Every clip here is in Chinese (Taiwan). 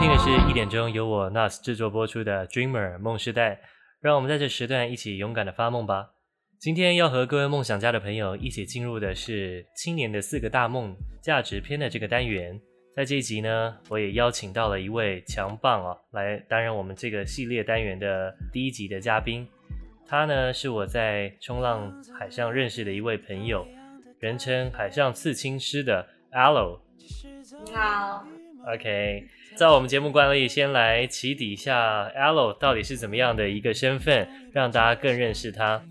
聽的是一點鐘由我 NAS 製作播出的《Dreamer 夢時代》，讓我們在這時段一起勇敢的發夢吧。今天要和各位夢想家的朋友一起進入的是青年的四個大夢價值篇的這個單元。在這一集呢，我也邀請到了一位強棒哦、啊，來擔任我們這個系列單元的第一集的嘉賓。他呢是我在衝浪海上認識的一位朋友，人稱海上刺青師的 ALO。你好。OK。在我們節目慣例，先來起底一下，ALO 到底是怎麼樣的一個身份，讓大家更認識他。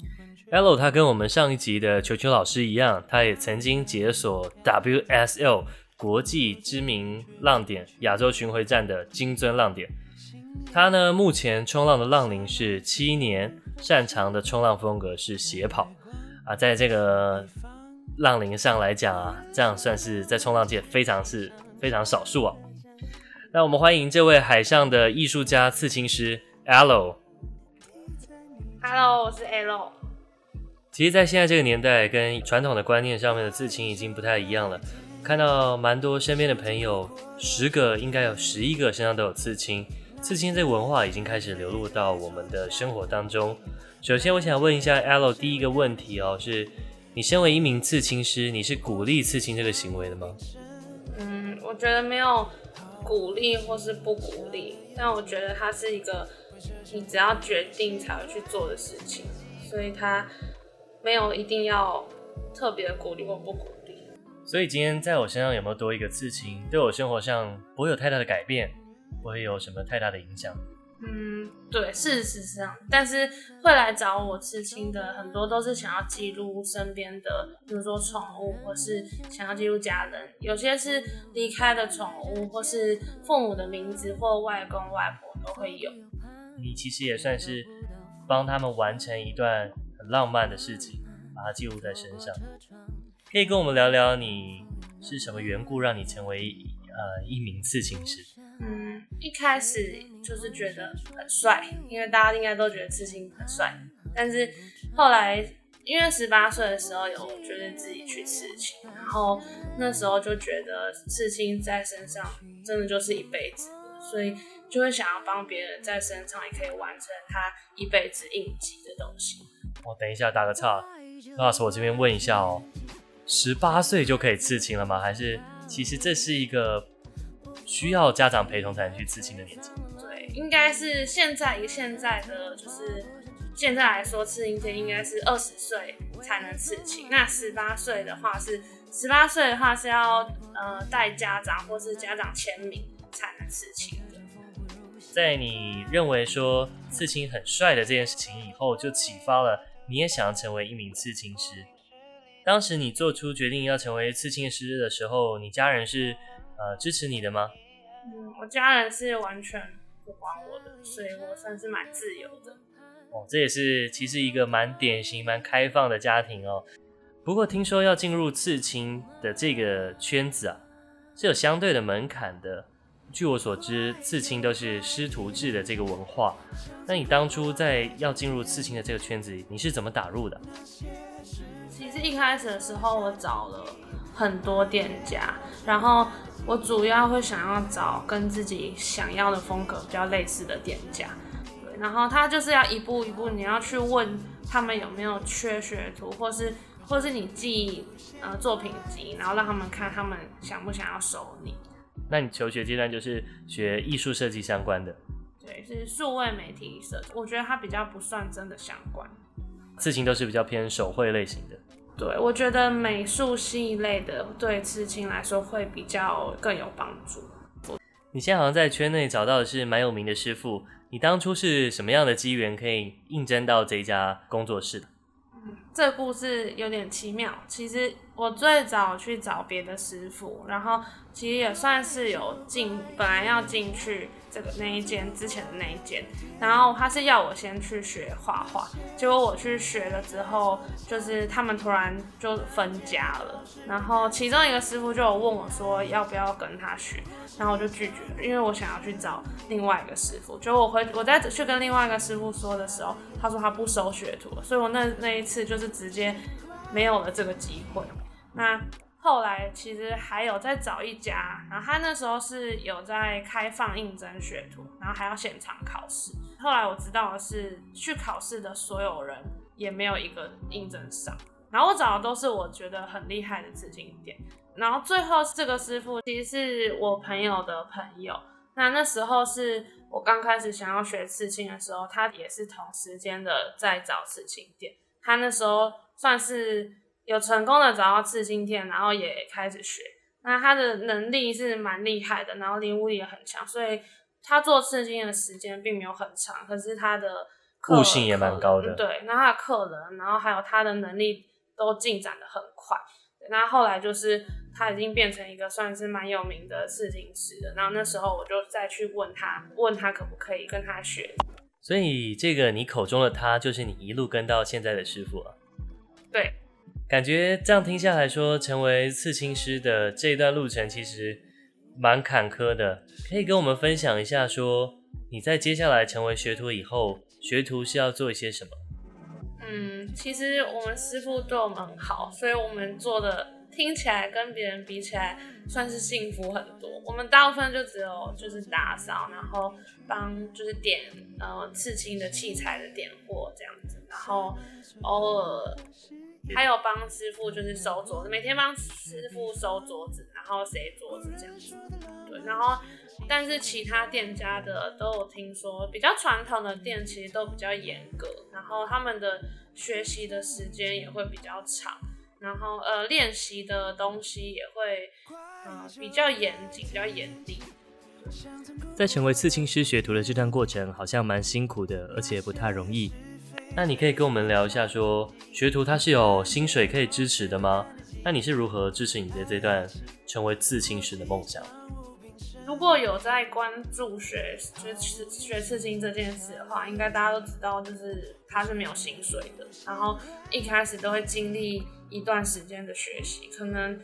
ALO 他跟我們上一集的球球老師一樣，他也曾經解鎖 WSL 國際知名浪點亞洲巡迴站的金樽浪點。他呢，目前衝浪的浪齡是七年，擅長的衝浪風格是斜跑啊，在這個浪齡上來講啊，這樣算是在衝浪界非常是非常少數啊。那我們歡迎這位海上的藝術家刺青師，ALO。Hello，我是 ALO。其實，在現在這個年代，跟傳統的觀念上面的刺青已經不太一樣了。看到蠻多身邊的朋友，十個應該有十一個身上都有刺青。刺青這個文化已經開始流入到我們的生活當中。首先，我想問一下 ALO 第一個問題哦，是你身為一名刺青師，你是鼓勵刺青這個行為的嗎？嗯，我覺得沒有。鼓勵或是不鼓勵，但我覺得它是一個你只要決定才會去做的事情，所以他沒有一定要特別的鼓勵或不鼓勵。所以今天在我身上有沒有多一個刺青？對我生活上不會有太大的改變，不會有什麼太大的影響。嗯，對，是是是這樣。但是會來找我刺青的很多都是想要記錄身邊的，比如說寵物，或是想要記錄家人。有些是離開的寵物，或是父母的名字，或外公外婆都會有。你其實也算是幫他們完成一段很浪漫的事情，把它記錄在身上。可以跟我們聊聊，你是什麼緣故讓你成為呃一名刺青師？嗯，一開始就是覺得很帥，因為大家應該都覺得刺青很帥。但是後來，因為十八歲的時候有就是自己去刺青，然後那時候就覺得刺青在身上真的就是一輩子，所以就會想要幫別人在身上也可以完成他一輩子印記的東西。我、哦、等一下打個岔，何老師，我這邊問一下哦，十八歲就可以刺青了嗎？還是其實這是一個？需要家長陪同才能去刺青的年紀？對，應該是現在，以現在的就是現在來說，刺青店應該是二十歲才能刺青。那十八歲的話是，十八歲的話是要呃帶家長或是家長簽名才能刺青的。在你認為說刺青很帥的這件事情以後，就啟發了你也想要成為一名刺青師。當時你做出決定要成為刺青師的時候，你家人是？呃，支持你的嗎？嗯，我家人是完全不管我的，所以我算是蠻自由的。哦，這也是其實一個蠻典型、蠻開放的家庭哦。不過聽說要進入刺青的這個圈子啊，是有相對的門檻的。據我所知，刺青都是師徒制的這個文化。那你當初在要進入刺青的這個圈子裡，你是怎麼打入的？其實一開始的時候，我找了很多店家，然後。我主要會想要找跟自己想要的風格比較類似的店家，對，然後他就是要一步一步，你要去問他們有沒有缺學徒，或是、或是你寄呃作品集，然後讓他們看他們想不想要收你。那你求學階段就是學藝術設計相關的？對，是數位媒體設計，我覺得它比較不算真的相關，事情都是比較偏手繪類型的。對，我覺得美術系類的對刺青來說會比較更有幫助。你現在好像在圈內找到的是蠻有名的師傅，你當初是什麼樣的機緣可以應徵到這家工作室？嗯，這個故事有點奇妙。其實我最早去找別的師傅，然後其實也算是有進，本來要進去。這個那一間之前的那一間，然後他是要我先去學畫畫，結果我去學了之後，就是他們突然就分家了，然後其中一個師傅就有問我說要不要跟他學，然後我就拒絕了，因為我想要去找另外一個師傅。就我回我再去跟另外一個師傅說的時候，他說他不收學徒了，所以我那那一次就是直接沒有了這個機會那。後來其實還有再找一家，然後他那時候是有在開放應徵學徒，然後還要現場考試。後來我知道的是，去考試的所有人也沒有一個應徵上。然後我找的都是我覺得很厲害的刺青店，然後最後這個師傅其實是我朋友的朋友。那那時候是我剛開始想要學刺青的時候，他也是同時間的在找刺青店，他那時候算是。有成功的找到刺青店，然後也開始學。那他的能力是蠻厲害的，然後領悟力也很強，所以他做刺青的時間並沒有很長，可是他的悟性也蠻高的。對，那他的客人，然後還有他的能力都進展的很快。那後來就是他已經變成一個算是蠻有名的刺青師了。然後那時候我就再去問他，問他可不可以跟他學。所以這個你口中的他，就是你一路跟到現在的師傅啊？對。感覺這樣聽下來說，成為刺青師的這一段路程其實蠻坎坷的。可以跟我們分享一下說，說你在接下來成為學徒以後，學徒是要做一些什麼？嗯，其實我們師傅對我們很好，所以我們做的聽起來跟別人比起來算是幸福很多。我們大部分就只有就是打掃，然後幫就是點呃刺青的器材的點貨這樣子，然後、嗯、偶爾。還有幫師傅就是收桌子，每天幫師傅收桌子，然後洗桌子這樣子。對，然後但是其他店家的都有聽說，比較傳統的店其實都比較嚴格，然後他們的學習的時間也會比較長，然後呃練習的東西也會比較嚴謹，比較嚴厲。在成為刺青師學徒的這段過程，好像蠻辛苦的，而且不太容易。那你可以跟我們聊一下說，說學徒他是有薪水可以支持的嗎？那你是如何支持你的這段成為刺青師的夢想？如果有在關注學就是學刺青這件事的話，應該大家都知道，就是他是沒有薪水的。然後一開始都會經歷一段時間的學習，可能、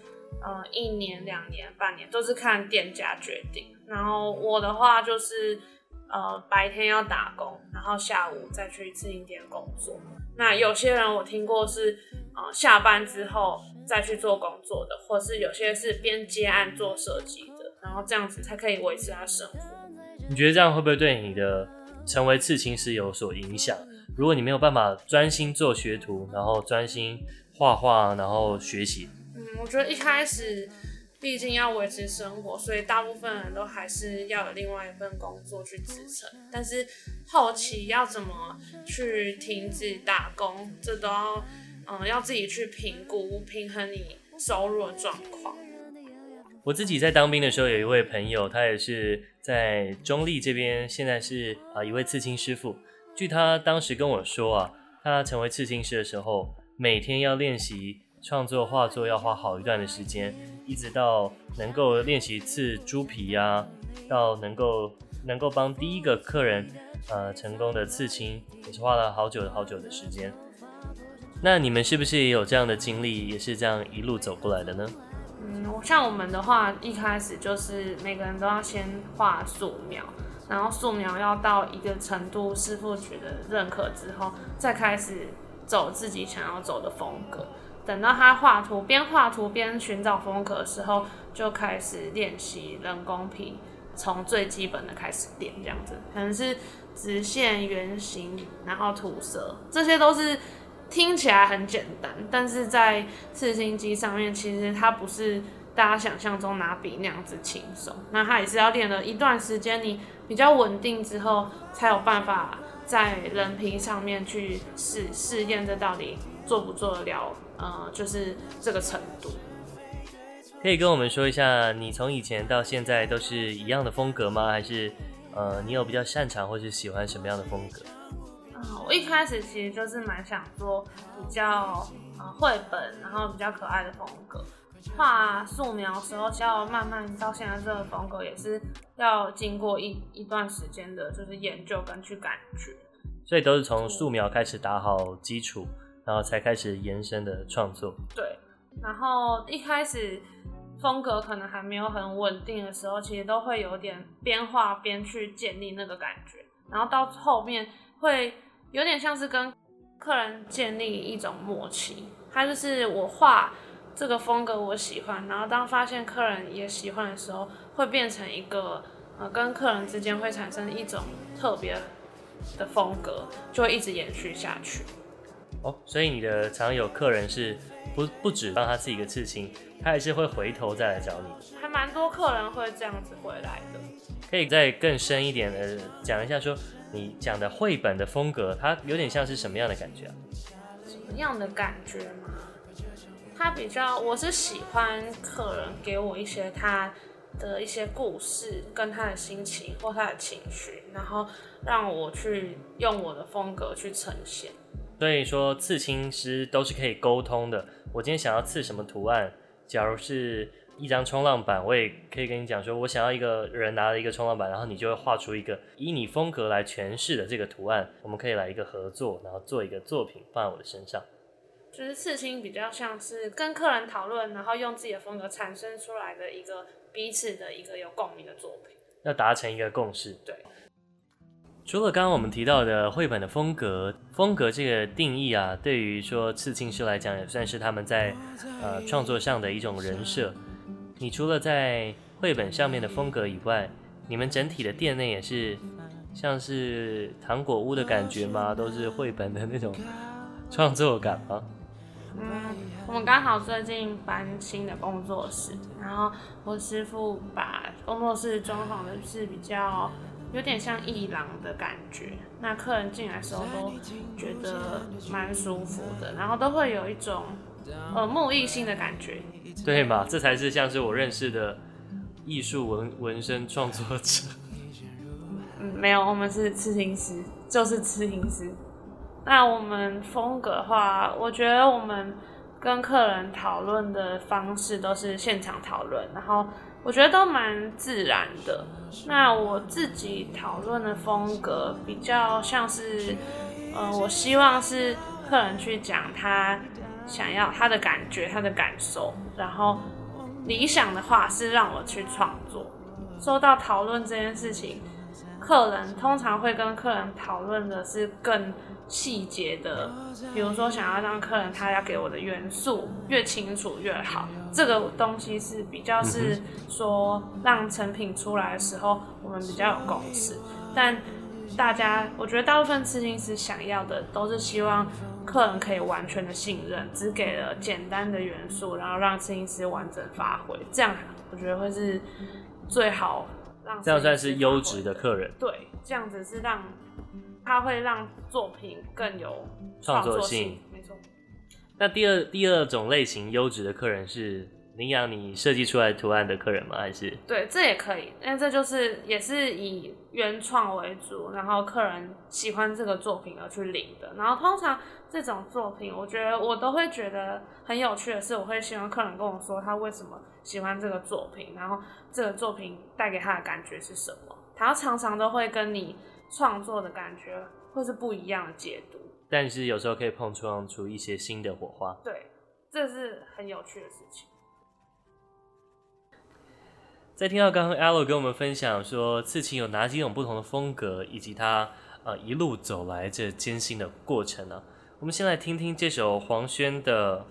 呃、一年、兩年、半年都是看店家決定。然後我的話就是。呃，白天要打工，然後下午再去刺青店工作。那有些人我聽過是，呃，下班之後再去做工作的，或是有些是邊接案做設計的，然後這樣子才可以維持他生活。你覺得這樣會不會對你的成為刺青師有所影響？如果你沒有辦法專心做學徒，然後專心畫畫，然後學習？嗯，我覺得一開始。畢竟要維持生活，所以大部分人都還是要有另外一份工作去支撐。但是後期要怎麼去停止打工，這都要嗯，要自己去評估，平衡你收入的狀況。我自己在當兵的時候，有一位朋友，他也是在中壢這邊，現在是啊、呃、一位刺青師傅。據他當時跟我說啊，他成為刺青師的時候，每天要練習。創作畫作要花好一段的時間，一直到能夠練習刺豬皮啊，到能夠能夠幫第一個客人，呃，成功的刺青，也是花了好久好久的時間。那你們是不是也有這樣的經歷，也是這樣一路走過來的呢？嗯，像我們的話，一開始就是每個人都要先畫素描，然後素描要到一個程度，師傅取得認可之後，再開始走自己想要走的風格。等到他畫圖，邊畫圖邊尋找風格的時候，就開始練習人工皮，從最基本的開始練，這樣子可能是直線、圓形，然後塗色，這些都是聽起來很簡單，但是在刺青機上面，其實它不是大家想象中拿筆那樣子輕鬆，那它也是要練了一段時間，你比較穩定之後，才有辦法在人皮上面去試試驗這到底做不做得了。嗯、呃，就是這個程度。可以跟我們說一下，你從以前到現在都是一樣的風格嗎？還是，呃，你有比較擅長或是喜歡什麼樣的風格？啊、呃，我一開始其實就是蠻想做比較呃、繪本，然後比較可愛的風格。畫素描的時候，要慢慢到現在這個風格，也是要經過一一段時間的，就是研究跟去感覺。所以都是從素描開始打好基礎。然後才開始延伸的創作。對，然後一開始風格可能還沒有很穩定的時候，其實都會有點邊畫邊去建立那個感覺。然後到後面會有點像是跟客人建立一種默契。他就是我畫這個風格我喜歡，然後當發現客人也喜歡的時候，會變成一個、呃、跟客人之間會產生一種特別的風格，就會一直延續下去。哦，oh, 所以你的常有客人是不不止幫他自己的個刺青，他還是會回頭再來找你的，還蠻多客人會這樣子回來的。可以再更深一點的講一下說，說你講的繪本的風格，它有點像是什麼樣的感覺啊？什麼樣的感覺嗎？他比較，我是喜歡客人給我一些他的一些故事，跟他的心情或他的情緒，然後讓我去用我的風格去呈現。所以說，刺青師都是可以溝通的。我今天想要刺什麼圖案？假如是一張衝浪板，我也可以跟你講說，我想要一個人拿了一個衝浪板，然後你就會畫出一個以你風格來詮釋的這個圖案。我們可以來一個合作，然後做一個作品放在我的身上。就是刺青比較像是跟客人討論，然後用自己的風格產生出來的一個彼此的一個有共鳴的作品，要達成一個共識。對。除了剛剛我們提到的繪本的風格，風格這個定義啊，對於說刺青師來講，也算是他們在呃創作上的一種人設。你除了在繪本上面的風格以外，你們整體的店內也是像是糖果屋的感覺嗎？都是繪本的那種創作感嗎？嗯，我們剛好最近搬新的工作室，然後我師傅把工作室裝潢的是比較。有點像藝廊的感覺，那客人進來的時候都覺得蠻舒服的，然後都會有一種耳目一新的感覺。對嘛？這才是像是我認識的藝術紋紋身創作者。嗯，沒有，我們是刺青師，就是刺青師。那我們風格的話，我覺得我們跟客人討論的方式都是現場討論，然後。我覺得都蠻自然的。那我自己討論的風格比較像是，呃，我希望是客人去講他想要他的感覺、他的感受。然後理想的話是讓我去創作。說到討論這件事情，客人通常會跟客人討論的是更。細節的，比如說想要讓客人，他要給我的元素越清楚越好，這個東西是比較是說讓成品出來的時候我們比較有共識。嗯、哼但大家我覺得大部分刺青師想要的都是希望客人可以完全的信任，只給了簡單的元素，然後讓刺青師完整發揮，這樣我覺得會是最好讓這樣算是優質的客人。對，這樣子是讓。它會讓作品更有創作性，創作性。沒錯。那第二、第二種類型優質的客人是領養你設計出來圖案的客人嗎？還是對，這也可以。那這就是也是以原創為主，然後客人喜歡這個作品而去領的。然後通常這種作品，我覺得我都會覺得很有趣的是，我會希望客人跟我說他為什麼喜歡這個作品，然後這個作品帶給他的感覺是什麼。他常常都會跟你。創作的感覺，或是不一樣的解讀，但是有時候可以碰撞出一些新的火花。對，這是很有趣的事情。在聽到剛剛 ALO 跟我們分享說，刺青有哪幾種不同的風格，以及他、呃、一路走來這艱辛的過程呢、啊？我們先來聽聽這首黃軒的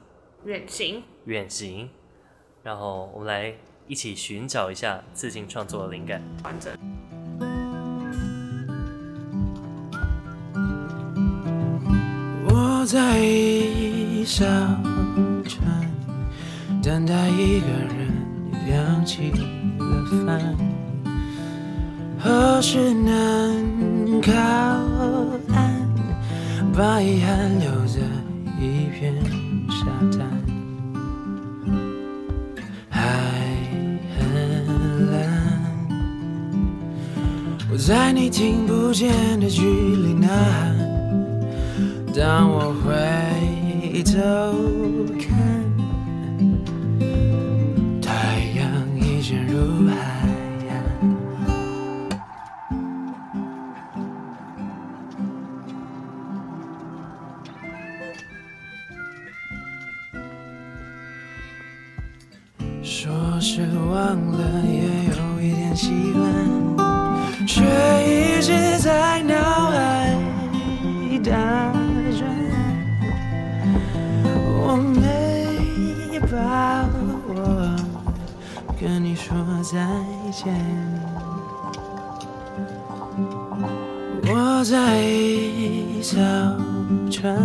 《遠行》，遠行，然後我們來一起尋找一下刺青創作的靈感。完整。在小船，等待一個人揚起了帆。何時能靠岸？把遺憾留在一片沙灘。海很藍，我在你聽不見的距離吶喊。當我回頭看，太陽已經入海。說是忘了，也有一點習慣，卻一直在腦海打。沒把握跟你說再見，我在一艘船，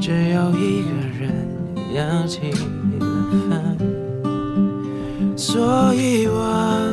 只有一個人揚起了帆，所以我。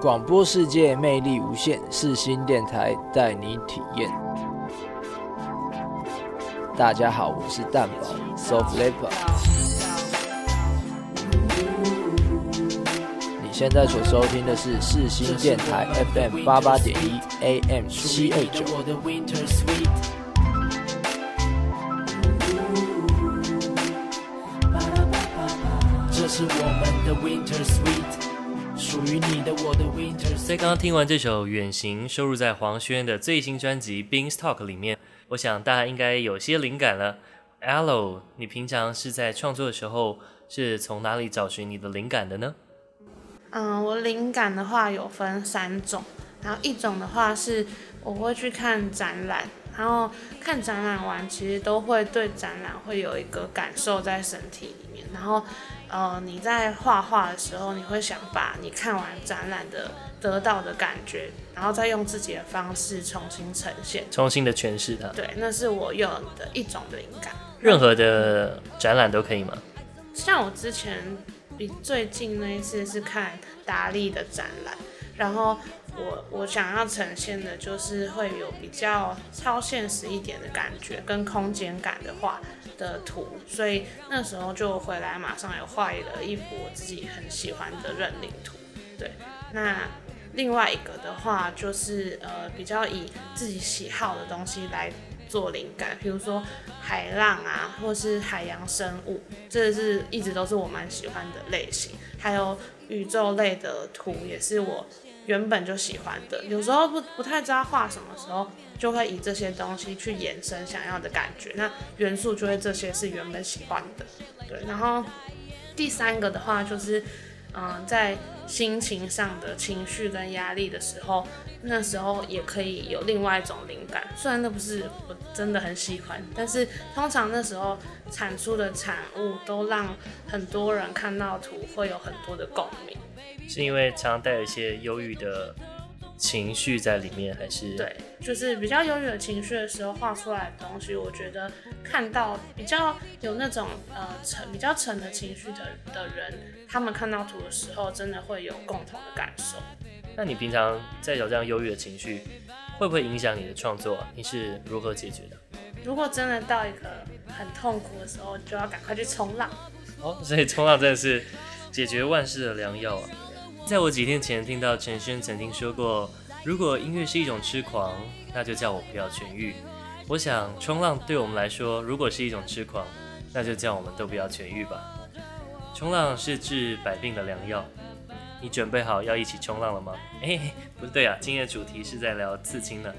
廣播世界魅力無限，世新電台帶你體驗。大家好，我是蛋寶，Soft Lover。你現在所收聽的是世新電台 FM 八八點一 AM 七二九。我的 Winter Sweet 這是我們的 Winter Sweet。屬於你的我的我 winter，剛剛聽完這首《遠行》，收錄在黃軒的最新專輯《Beanstalk》裡面，我想大家應該有些靈感了。ALO，你平常是在創作的時候是從哪裡找尋你的靈感的呢？嗯、呃，我靈感的話有分三種，然後一種的話是我會去看展覽，然後看展覽完其實都會對展覽會有一個感受在身體裡面，然後。呃，你在畫畫的時候，你會想把你看完展覽的得到的感覺，然後再用自己的方式重新呈現，重新的詮釋它。對，那是我用的一種的靈感。任何的展覽都可以嗎？像我之前比最近那一次是看達利的展覽，然後我我想要呈現的就是會有比較超現實一點的感覺跟空間感的畫。的圖，所以那時候就回來，馬上也畫了一幅我自己很喜歡的認領圖。對，那另外一個的話，就是呃比較以自己喜好的東西來做靈感，比如說海浪啊，或是海洋生物，這是一直都是我蠻喜歡的類型。還有宇宙類的圖也是我原本就喜歡的，有時候不不太知道畫什麼時候。就會以這些東西去延伸想要的感覺，那元素就會這些是原本喜歡的，對。然後第三個的話就是，嗯、呃，在心情上的情緒跟壓力的時候，那時候也可以有另外一種靈感。雖然那不是我真的很喜歡，但是通常那時候產出的產物都讓很多人看到圖會有很多的共鳴，是因為常常帶有一些憂鬱的。情緒在裡面還是？對，就是比較憂鬱的情緒的時候畫出來的東西，我覺得看到比較有那種呃沉比較沉的情緒的的人，他們看到圖的時候真的會有共同的感受。那你平常在有這樣憂鬱的情緒，會不會影響你的創作啊？你是如何解決的？如果真的到一個很痛苦的時候，就要趕快去衝浪。哦，所以衝浪真的是解決萬事的良藥啊。在我幾天前聽到陳軒曾經說過，如果音樂是一種癡狂，那就叫我不要痊癒。我想衝浪對我們來說，如果是一種癡狂，那就叫我們都不要痊癒吧。衝浪是治百病的良藥。你準備好要一起衝浪了嗎？哎、欸，不對啊，今天的主題是在聊刺青呢。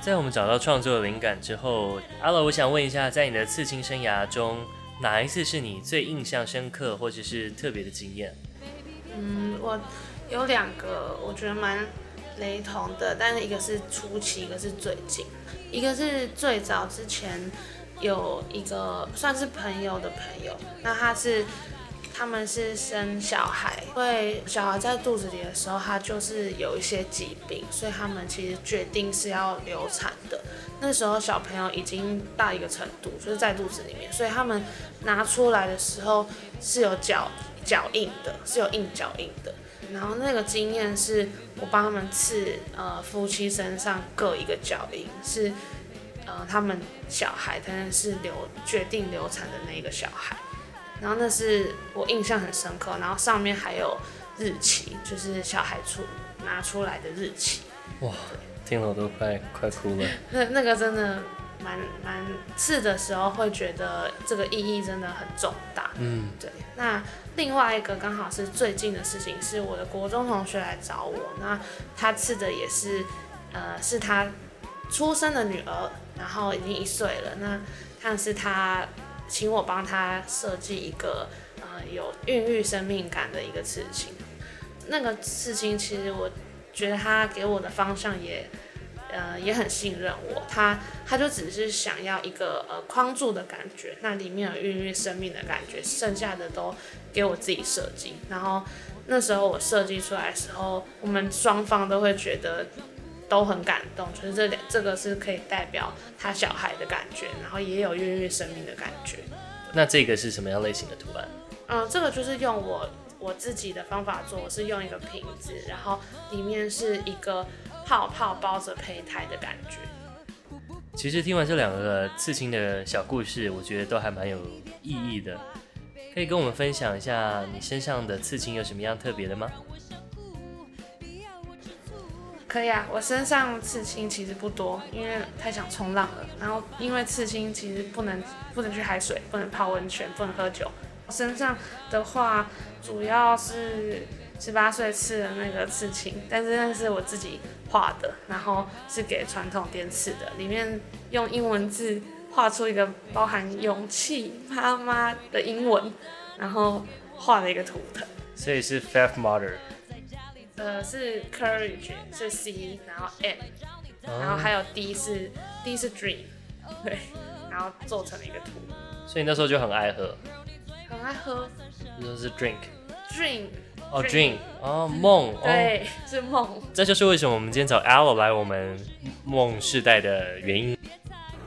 在我們找到創作的靈感之後，阿樂，我想問一下，在你的刺青生涯中，哪一次是你最印象深刻或者是特別的經驗？嗯，我有兩個，我覺得蠻雷同的，但是一個是初期，一個是最近，一個是最早之前有一個算是朋友的朋友，那他是他們是生小孩，因為小孩在肚子裡的時候，他就是有一些疾病，所以他們其實決定是要流產的。那時候小朋友已經到一個程度，就是在肚子裡面，所以他們拿出來的時候是有腳。腳印的是有硬腳印的，然後那個經驗是我幫他們刺呃，夫妻身上各一個腳印，是呃他們小孩，但是是流決定流產的那一個小孩，然後那是我印象很深刻，然後上面還有日期，就是小孩出拿出來的日期。哇，聽了我都快快哭了。那那個真的蠻蠻刺的時候會覺得這個意義真的很重大。嗯，對。那另外一個剛好是最近的事情，是我的國中同學來找我，那他刺的也是，呃，是他出生的女兒，然後已經一歲了。那看是他請我幫他設計一個，呃，有孕育生命感的一個刺青。那個刺青其實我覺得他給我的方向也。呃，也很信任我，他他就只是想要一個呃框住的感覺，那裡面有孕育生命的感覺，剩下的都給我自己設計。然後那時候我設計出來的時候，我們雙方都會覺得都很感動，就是這這個是可以代表他小孩的感覺，然後也有孕育生命的感覺。那這個是什麼樣類型的圖案？嗯，呃，這個就是用我我自己的方法做，我是用一個瓶子，然後裡面是一個。泡泡包着胚胎的感覺。其實聽完這兩個刺青的小故事，我覺得都還蠻有意義的。可以跟我們分享一下你身上的刺青有什麼樣特別的嗎？可以啊，我身上刺青其實不多，因為太想衝浪了。然後因為刺青其實不能，不能去海水，不能泡溫泉，不能喝酒。我身上的話主要是。十八歲刺的那個刺青，但是那是我自己畫的，然後是給傳統店刺的，裡面用英文字畫出一個包含勇氣，媽媽的英文，然後畫了一個圖騰。所以是 f a t mother，呃，是 courage，是 C，然後 M，、嗯、然後還有 D 是 D 是 dream，對，然後做成了一個圖。所以那時候就很愛喝，很愛喝，那時候是 drink，drink。Drink 哦、oh,，dream，哦、oh, oh. 夢，夢，對，是夢。這就是為什麼我們今天找 AL 來我們夢世代的原因。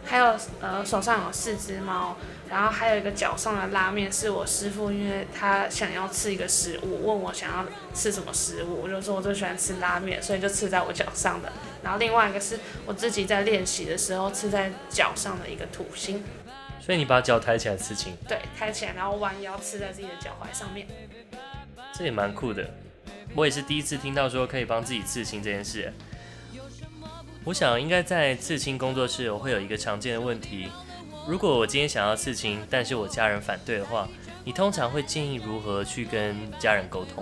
還有呃，手上有四只貓，然後還有一個腳上的拉麵是我師傅，因為他想要吃一個食物，問我想要吃什麼食物，我就是說我最喜歡吃拉麵，所以就吃在我腳上的。然後另外一個是我自己在練習的時候吃在腳上的一個土星。所以你把腳抬起來事情，對，抬起來，然後彎腰吃在自己的腳踝上面。這也蠻酷的，我也是第一次聽到說可以幫自己刺青這件事。我想應該在刺青工作室，我會有一個常見的問題：如果我今天想要刺青，但是我家人反對的話，你通常會建議如何去跟家人溝通？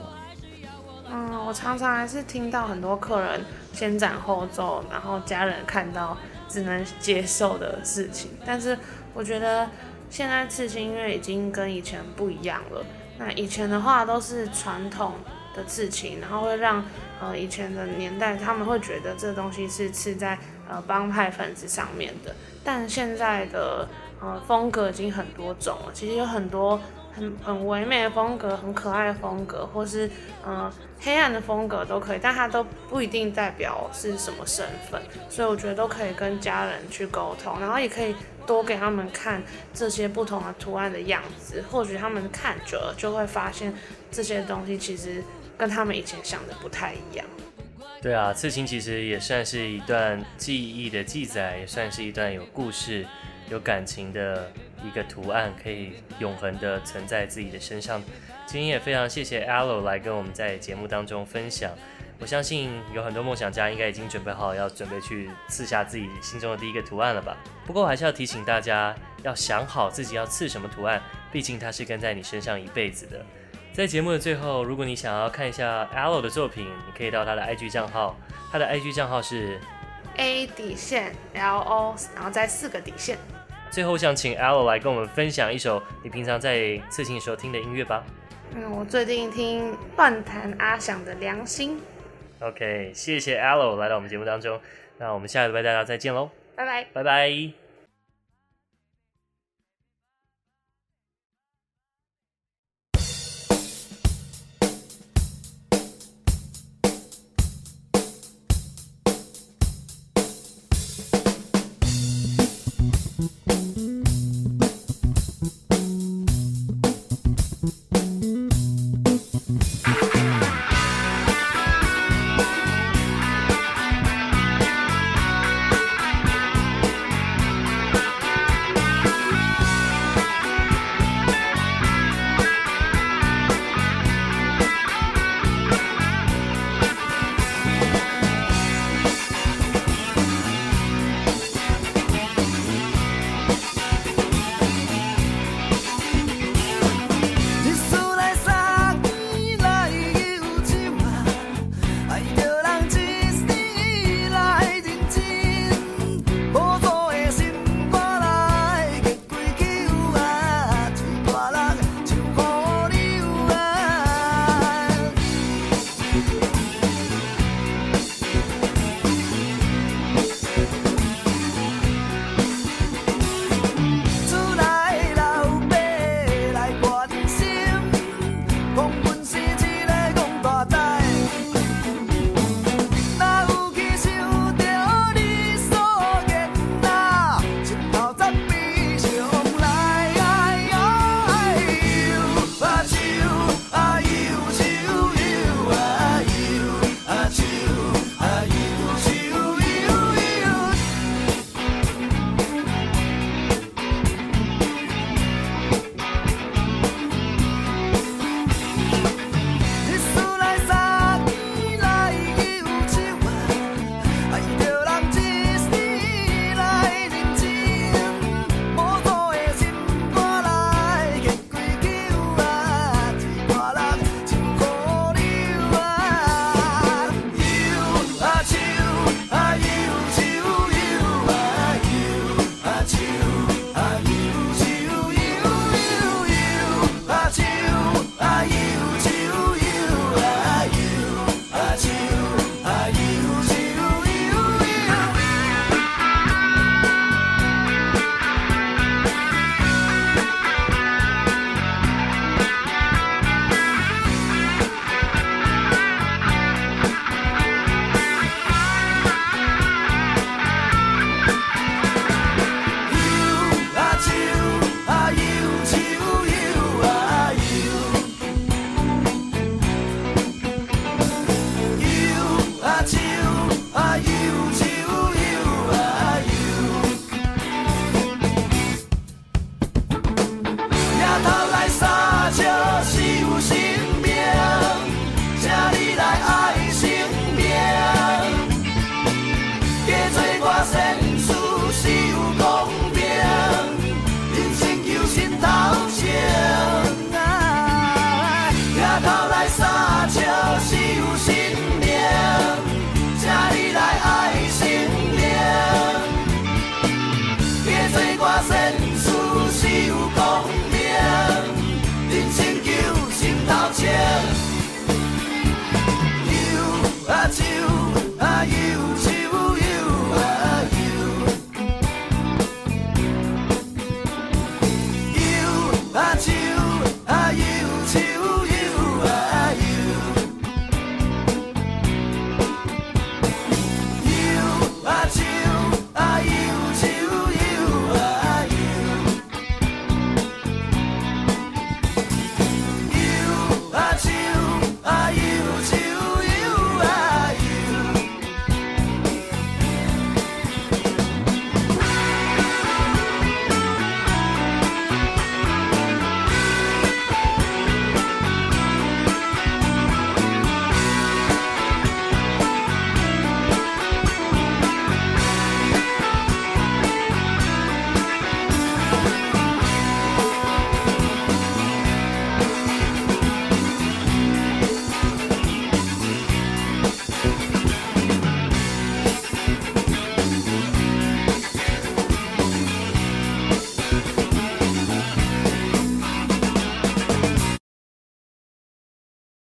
嗯，我常常還是聽到很多客人先斬後奏，然後家人看到只能接受的事情。但是我覺得現在刺青因為已經跟以前不一樣了。那以前的話都是傳統的刺青，然後會讓呃以前的年代他們會覺得這東西是刺在呃幫派分子上面的。但現在的呃風格已經很多種了，其實有很多很很唯美的風格、很可愛的風格，或是嗯、呃、黑暗的風格都可以。但它都不一定代表是什麼身份，所以我覺得都可以跟家人去溝通，然後也可以。多給他們看這些不同的圖案的樣子，或許他們看久了就會發現這些東西其實跟他們以前想的不太一樣。對啊，刺青其實也算是一段記憶的記載，也算是一段有故事、有感情的一個圖案，可以永恆的存在自己的身上。今天也非常謝謝 ALO 來跟我們在節目當中分享。我相信有很多夢想家應該已經準備好要準備去刺下自己心中的第一個圖案了吧？不過我還是要提醒大家，要想好自己要刺什麼圖案，畢竟它是跟在你身上一輩子的。在節目的最後，如果你想要看一下 ALO 的作品，你可以到他的 IG 賬號，他的 IG 賬號是 A 底線 LO，然後再四個底線。最後想請 ALO 來跟我們分享一首你平常在刺青的時候聽的音樂吧。嗯，我最近聽亂彈阿翔的良心。OK，謝謝 ALO 來到我們節目當中，那我們下禮拜大家再見嘍，拜拜，拜拜。道歉。